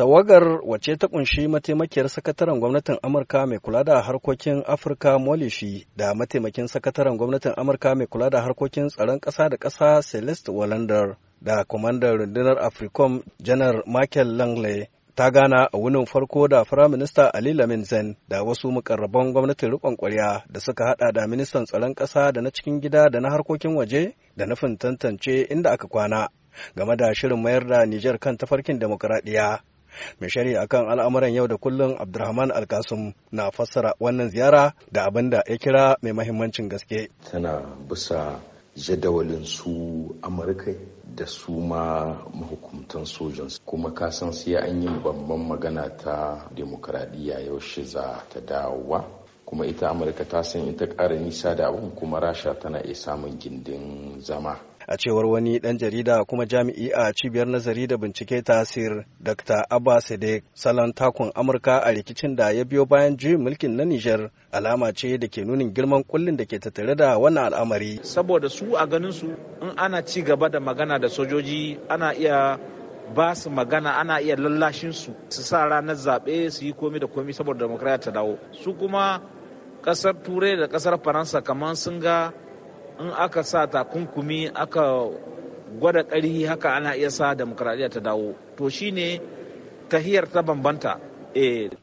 Tawagar wace ta kunshi mataimakiyar sakataren gwamnatin Amurka mai kula da harkokin Afirka Molishi da mataimakin sakataren gwamnatin Amurka mai kula da harkokin tsaron ƙasa da ƙasa Celeste Wallander da kwamandan rundunar Africom Janar Michael Langley ta gana a wunin farko da Firaminista Ali Lamin Zen da wasu mukarraban gwamnatin rikon kwarya da suka hada da ministan tsaron ƙasa da na cikin gida da na harkokin waje da nufin tantance inda aka kwana game da shirin mayar da Nijar kan tafarkin demokuraɗiyya mai shari'a akan al'amuran yau da kullum abdulrahman alkasum na fassara wannan ziyara da abin da ya kira mai mahimmancin gaske tana bisa jadawalin su amurka da su ma mahukuntan sojan kuma ka san sai an yi babban magana ta demokradiyya yaushe za ta dawowa kuma ita amurka ta san ita ƙara nisa da abin kuma rasha tana iya samun gindin zama a cewar wani ɗan jarida kuma jami'i a cibiyar nazari da bincike sir dr abba sadiq salon takun amurka a rikicin da ya biyo bayan juyin mulkin na nijar alama ce da ke nunin girman kullin da ke tattare da wannan al'amari saboda su a ganin su in ana ci gaba da magana da sojoji ana iya ba su magana ana iya lallashin su su sa ranar zaɓe su yi komi da komi saboda demokratiya ta dawo su kuma ƙasar turai da kasar faransa kamar sun ga in aka sa takunkumi aka gwada ƙarhi haka ana iya sa demokradiyya ta dawo to shine tahiyar ta bambanta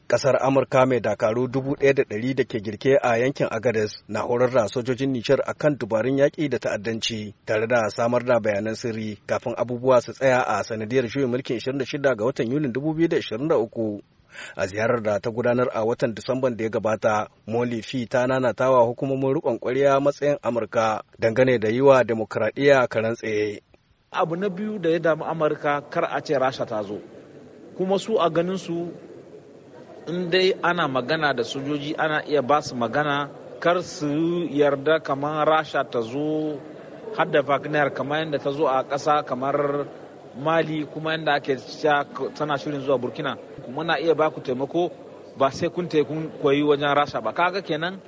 Kasar eh. Amurka mai dakaru dubu ɗaya da ɗari da ke girke a yankin Agades na horar da sojojin Nijar a kan dubarun yaƙi da ta'addanci tare da samar da bayanan sirri kafin abubuwa su tsaya a sanadiyar juyin mulkin 26 ga watan Yulin 2023. a ziyarar da ta gudanar a watan disamban da ya gabata molifi ta nanatawa hukumomin rikon kwarya matsayin amurka dangane da yi yiwa demokradiyya karan tsaye abu na biyu da ya damu amurka kar a ce rasha ta zo kuma su a ganin su in dai ana magana da sojoji ana iya ba su magana kar su yarda kamar rasha ta zo hadda kamar yadda ta zo a ƙasa kamar mali kuma yadda ake sha tana shirin zuwa burkina muna iya ba ku taimako ba sai kun kun koyi wajen rasha ba kaga kenan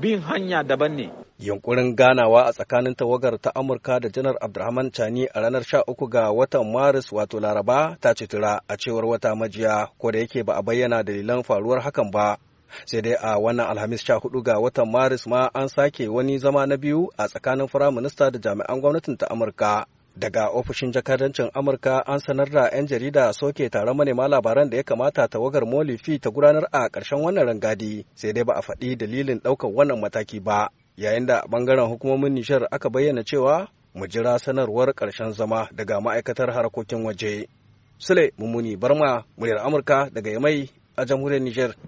bin hanya daban ne yunkurin ganawa a tsakanin tawagar ta amurka da janar abdulrahman chani a ranar 13 ga watan maris wato laraba ta tura a cewar wata majiya ko da yake ba a bayyana dalilan faruwar hakan ba sai dai a wannan alhamis sha ga watan maris ma an sake wani zama na biyu a tsakanin firaminista da jami'an gwamnatin ta amurka daga ofishin jakadancin amurka an sanar da 'yan jarida soke taron manema labaran da ya kamata tawagar molifi ta gudanar a ƙarshen wannan rangadi sai dai ba a faɗi dalilin ɗaukar wannan mataki ba yayin da ɓangaren hukumomin Nijar aka bayyana cewa mu jira sanarwar ƙarshen zama daga ma'aikatar harkokin waje sule mummuni barma muryar amurka daga yamai a jamhuriyar nijar